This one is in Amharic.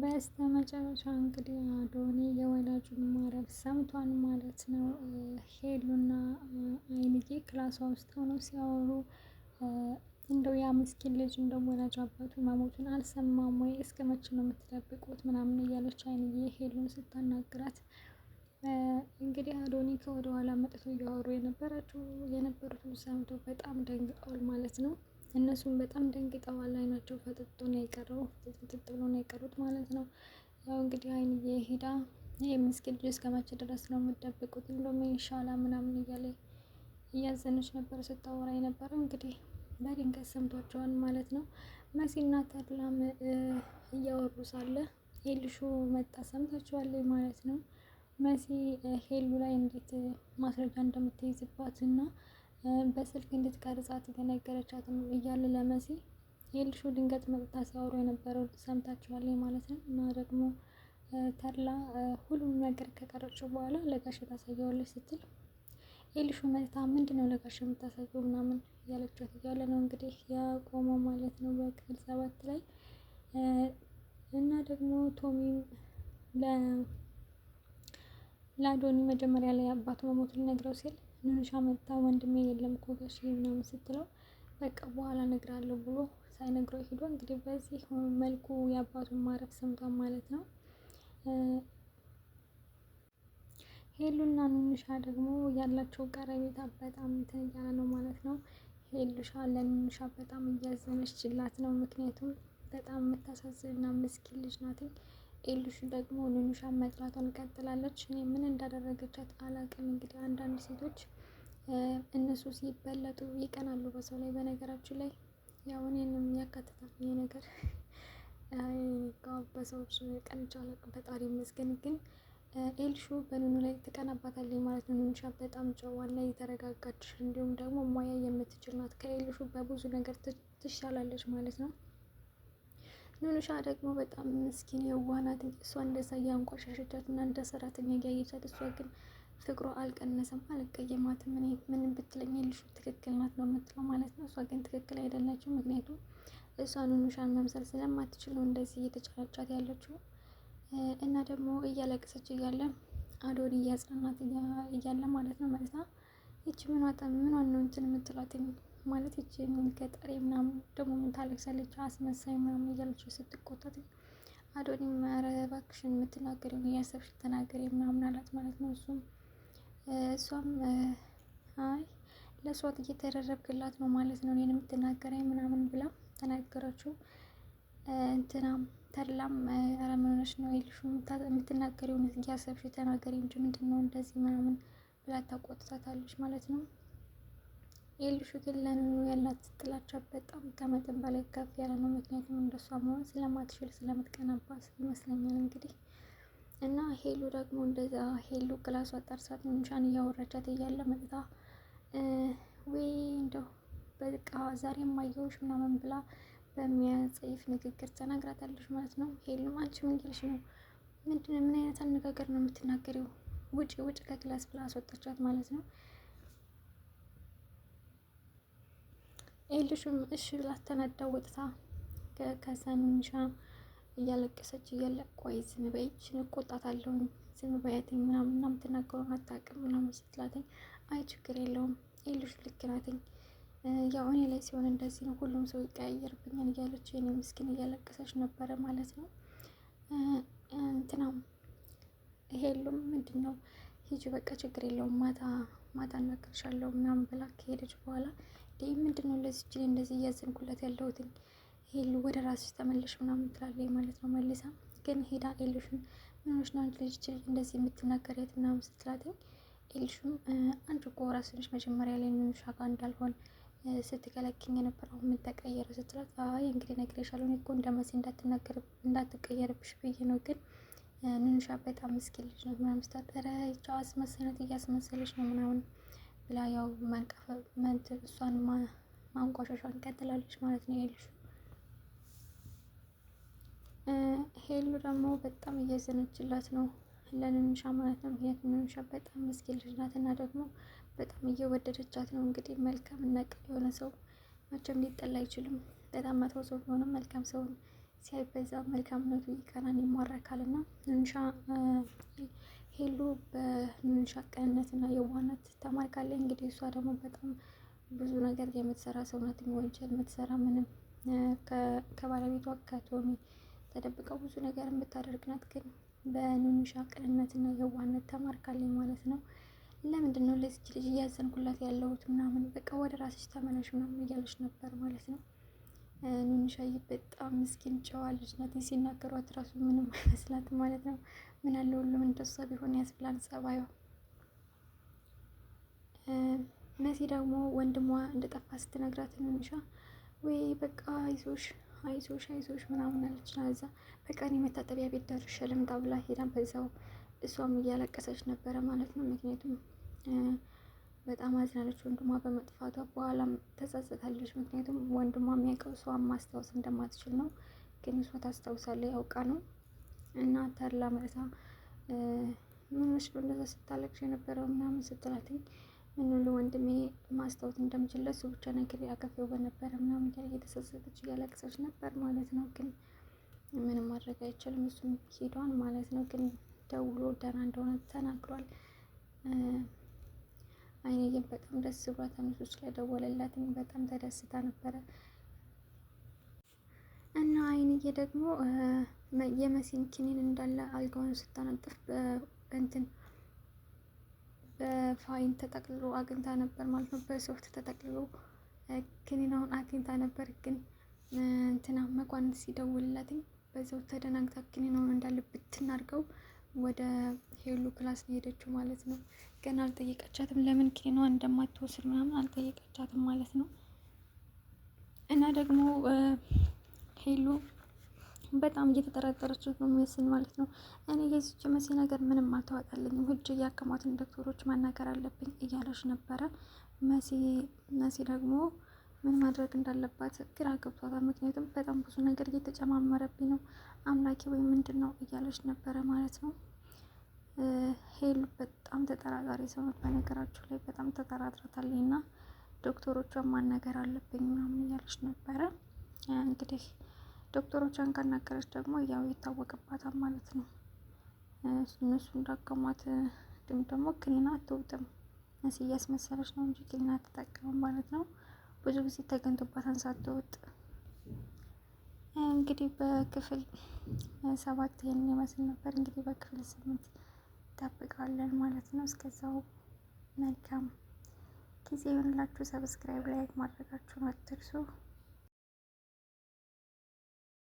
በስተመጨረሻ እንግዲህ አዶኒ የወላጁን ማረግ ሰምቷል ማለት ነው። ሄሉና አይንዬ ክላሷ ውስጥ ሆነው ሲያወሩ እንደው ያ ምስኪን ልጅ እንደው ወላጅ አባቱ መሞቱን አልሰማም ወይ? እስከ መቼ ነው የምትጠብቁት? ምናምን እያለች አይንዬ ሄሉን ስታናግራት እንግዲህ አዶኒ ከወደኋላ መጥቶ እያወሩ የነበሩት የነበሩትን ሰምቶ በጣም ደንግጧል ማለት ነው። እነሱም በጣም ደንግጠዋል። አይናቸው ፈጥጦ ነው የቀረው ፍጥጥ ብሎ ነው የቀሩት ማለት ነው። ያው እንግዲህ አይንዬ ሄዳ ይህ ምስኪን ልጅ እስከ መቼ ድረስ ነው የምትደብቁት? እንደውም ይሻላ ምናምን እያለ እያዘነች ነበር ስታወራ የነበረው እንግዲህ በድንገት ሰምቷቸዋል ማለት ነው። መሲና ተድላም እያወሩ ሳለ ሄልሹ መጣ። ሰምታችኋለች ማለት ነው። መሲ ሄሉ ላይ እንዴት ማስረጃ እንደምትይዝባት እና በስልክ እንድትቀርጻት እየነገረቻትም እያለ ለመሲ የልሹ ድንገት መጥታ ሲያወሩ የነበረው ሰምታችኋል ማለት ነው። እና ደግሞ ተድላ ሁሉም ነገር ከቀረጩ በኋላ ለጋሽ ታሳየዋለች ስትል የልሹ መታ ምንድን ነው ለጋሽ የምታሳየው ምናምን እያለችት እያለ ነው እንግዲህ ያቆመው ማለት ነው በክፍል ሰባት ላይ እና ደግሞ ቶሚም ለአዶኒ መጀመሪያ ላይ አባቱ መሞቱን ነግረው ሲል ኑንሻ መጣ ወንድሜ የለም እኮ ጋሼ ምናምን ስትለው በቃ በኋላ እነግራለሁ ብሎ ሳይነግረው ሄዶ እንግዲህ በዚህ መልኩ የአባቱን ማረፍ ሰምቷል ማለት ነው። ሄሉና ኑንሻ ደግሞ ያላቸው ቀረቤታ በጣም እንትን እያለ ነው ማለት ነው። ሄሉሻ ለኑንሻ በጣም ችላት ነው። ምክንያቱም በጣም የምታሳዝንና ምስኪን ልጅ ናትኝ ኤልሹ ደግሞ ኑኑሻ መጥላቷን ቀጥላለች። እኔ ምን እንዳደረገቻት አላቅም። እንግዲህ አንዳንድ ሴቶች እነሱ ሲበለጡ ይቀናሉ በሰው ላይ። በነገራችን ላይ ያው እኔንም ያካትታል ይሄ ነገር። በሰዎች ቀንቻ አላቅም። ፈጣሪ ይመስገን። ግን ኤልሹ በኑኑ ላይ ትቀናባታለች ማለት ነው። ኑኑሻ በጣም ጨዋና የተረጋጋች እንዲሁም ደግሞ ሙያ የምትችል ናት። ከኤልሹ በብዙ ነገር ትሻላለች ማለት ነው። ኑኑሻ ደግሞ በጣም ምስኪን የዋናት እሷ እንደዛ እያንቋሸሸቻት እና እንደ ሰራተኛ እያየቻት፣ እሷ ግን ፍቅሯ አልቀነሰም፣ አልቀየማትም። ምንም ብትለኝ ልሹ ትክክል ናት ነው የምትለው ማለት ነው። እሷ ግን ትክክል አይደላችው። ምክንያቱም እሷ ኑኑሻን መምሰል ስለማትችል ነው እንደዚህ እየተጫጫት ያለችው። እና ደግሞ እያለቀሰች እያለ አዶን እያጽናናት እያለ ማለት ነው ማለት መልሳ ይቺ ምኗ ነው እንትን የምትላት ማለት ይቺ ምን ገጠሬ ምናምን ደግሞ ምን ታለቅሳለች አስመሳይ ምናምን እያለች ስትቆጣት አዶኒ መረባክሽን የምትናገር የምትናገሪውን እያሰብሽ ተናገር ምናምን አላት ማለት ነው። እሱም እሷም አይ ለእሷት እየተደረብክላት ነው ማለት ነው እኔን የምትናገረኝ ምናምን ብላ ተናገረችው። እንትናም ተላም አረመኖች ነው ይልሹ የምትናገሪውን እያሰብሽ ተናገር እንጂ ምንድን ነው እንደዚህ ምናምን ብላ ታቆጥታታለች ማለት ነው። የልሹ ግን ለኑሮ ያላት ስትላቻ በጣም ከመጠን በላይ ከፍ ያለ ነው። ምክንያቱም እንደሷ መሆን ስለማትችል ስለምትቀናባት ይመስለኛል እንግዲህ እና ሄሉ ደግሞ እንደዛ ሄሉ ክላሷ ጠርሳት ምንሻን እያወረጃት እያለ መጥታ ወይ እንደው በቃ ዛሬም አየሁሽ ምናምን ብላ በሚያጸይፍ ንግግር ተናግራታለች ማለት ነው። ሄሉ አንቺ ምን እያልሽ ነው? ምንድን ምን አይነት አነጋገር ነው የምትናገሪው? ውጭ ውጭ ከክላስ ብላ አስወጣቻት ማለት ነው። ኤልሹም እሺ ብላ ተናዳ ወጥታ ከሳንሻ እያለቀሰች እያለ ቆይ ዝም በይ ይችን እቆጣታለሁ ዝም በያትኝ ምናምን እና የምትናገረውን አታውቅም ምናምን ስትላትኝ አይ ችግር የለውም ኤልሹ ልክ ናትኝ ያው እኔ ላይ ሲሆን እንደዚህ ነው ሁሉም ሰው ይቀያየርብኛል እያለች የኔ ምስኪን እያለቀሰች ነበረ ማለት ነው። እንትናም ሄሉም ምንድን ነው ሂጂ በቃ ችግር የለውም ማታ ማታ እናግርሻለሁ ምናምን ብላ ከሄደች በኋላ እንዴ ምንድን ነው ለዚች ልጅ እንደዚህ እያዘንኩላት ያለሁትኝ ሄሉ ወደ ራስሽ ተመለሽ ምናምን ትላለች ማለት ነው። መልሳ ግን ሄዳ ኤልሹን ምኖች ነው አንቺ ልጅ እንደዚህ የምትናገሪያት ምናምን ስትላትኝ ኤልሹም አንቺ እኮ ራስሽ መጀመሪያ ላይ ምንሻ ጋር እንዳልሆን ስትከለክኝ የነበረው ምን ተቀየረ ስትላት፣ አይ እንግዲህ ነግሬሻለሁ እኔ እኮ እንደ መሲ እንዳትቀየርብሽ ብዬ ነው። ግን ንንሻ በጣም ምስኪን ልጅ ነው ምናምን ስታጠረ ቻ አስመሰነት እያስመሰለች ነው ምናምን ብላ ያው መንት እሷን ማንቋሻሿን ቀጥላለች ማለት ነው የልጁ ሄሉ ደግሞ በጣም እያዘነችላት ነው ለንንሻ ማለት ነው። ምክንያቱም ንንሻ በጣም ምስኪን ልጅ ናት እና ደግሞ በጣም እየወደደቻት ነው። እንግዲህ መልካም እና ቅን የሆነ ሰው መቼም ሊጠላ አይችልም። በጣም መጥፎ ሰው ቢሆንም መልካም ሰውን ሲያይበዛ መልካምነቱ ይቀናን ይማረካል እና ንንሻ ሄሎ በኑንሻ ቅንነት እና የዋህነት ካለ እንግዲህ እሷ ደግሞ በጣም ብዙ ነገር የምትሰራ ሰውነት ወንጀል የምትሰራ ምንም ከባለቤቷ ከቶሚ ተደብቀው ብዙ ነገር የምታደርግ ናት። ግን በኑንሻ ቅንነት እና የዋነት ተማርካለኝ ማለት ነው። ለምንድን ነው ለዚች ልጅ እያዘንኩላት ያለሁት ምናምን በቃ ወደ ራስሽ ተመለሽ ምናምን እያለች ነበር ማለት ነው። ኑንሻዬ በጣም ምስኪን ጨዋ ልጅ ናት። ሲናገሯት ራሱ ምንም አይመስላት ማለት ነው። ምን አለ ሁሉም እንደሷ ቢሆን ያስብላል ጸባዩ። መሲ ደግሞ ወንድሟ እንደጠፋ ስትነግራት ኑንሻ ወይ በቃ አይዞሽ አይዞሽ አይዞሽ ምናምን አለች። እዛ በቃ እኔ መታጠቢያ ቤት ደርሼ ልምጣ ብላ ሄዳ በዛው እሷም እያለቀሰች ነበረ ማለት ነው ምክንያቱም በጣም አዝናለች ወንድሟ በመጥፋቷ። በኋላም ተጸጽታለች። ምክንያቱም ወንድሟ የሚያውቀው እሷን ማስታወስ እንደማትችል ነው። ግን እሷ ታስታውሳለች ያውቃ ነው እና ተላ መርሳ ምን መስሎ እንደዛ ስታለቅሽ የነበረው ምናምን ስትላትኝ ምን ሁሉ ወንድሜ ማስታወስ እንደምችል ለሱ ብቻ ነገር አከፍለው በነበረ ምናምን እያለ እየተሰሰተች እያለቅሰች ነበር ማለት ነው። ግን ምንም ማድረግ አይችልም፣ እሱም ሄዷን ማለት ነው። ግን ደውሎ ደህና እንደሆነ ተናግሯል። አይኔዬም በጣም ደስ ብሏት አምስቱ ስለደወለላትኝ በጣም ተደስታ ነበረ። እና አይንዬ ደግሞ የመሲን ኪኒን እንዳለ አልጋውን ስታነጥፍ እንትን በፋይን ተጠቅልሎ አግኝታ ነበር ማለት ነው። በሶፍት ተጠቅልሎ ክኒናውን አግኝታ ነበር። ግን እንትና መኳንንት ሲደውልላትኝ በዛው ተደናግታ ክኒናውን እንዳለ ብትን ወደ ሄሉ ክላስ ነው የሄደችው ማለት ነው። ግን አልጠየቀቻትም። ለምን ኪኒኗ እንደማትወስድ ምናምን አልጠየቀቻትም ማለት ነው። እና ደግሞ ሄሉ በጣም ነው በሚመስል ማለት ነው። እኔ የዚች መሲ ነገር ምንም አልተዋጣልኝም፣ ሂጅ እያከማትን ዶክተሮች ማናገር አለብኝ እያለች ነበረ መሲ መሲ ደግሞ ምን ማድረግ እንዳለባት ግራ ገብቷታል። ምክንያቱም በጣም ብዙ ነገር እየተጨማመረብኝ ነው አምላኬ ወይ ምንድን ነው እያለች ነበረ ማለት ነው። ሄሉ በጣም ተጠራጣሪ ሰው ናት። በነገራችሁ ላይ በጣም ተጠራጥራታለች እና ዶክተሮቿን ማናገር አለብኝ ምናምን እያለች ነበረ። እንግዲህ ዶክተሮቿን ካናገረች ደግሞ ያው ይታወቅባታል ማለት ነው። እነሱ እንዳከሟት ግን ደግሞ ክኒና አትውጥም እያስመሰለች ነው እንጂ ክኒን አትጠቀምም ማለት ነው። ብዙ ጊዜ ተገኝቶባታል ሳትወጥ። እንግዲህ በክፍል ሰባት ይህን ይመስል ነበር። እንግዲህ በክፍል ስምንት እንጠብቃለን ማለት ነው። እስከዛው መልካም ጊዜ ይሆንላችሁ። ሰብስክራይብ፣ ላይክ ማድረጋችሁን አትርሱ።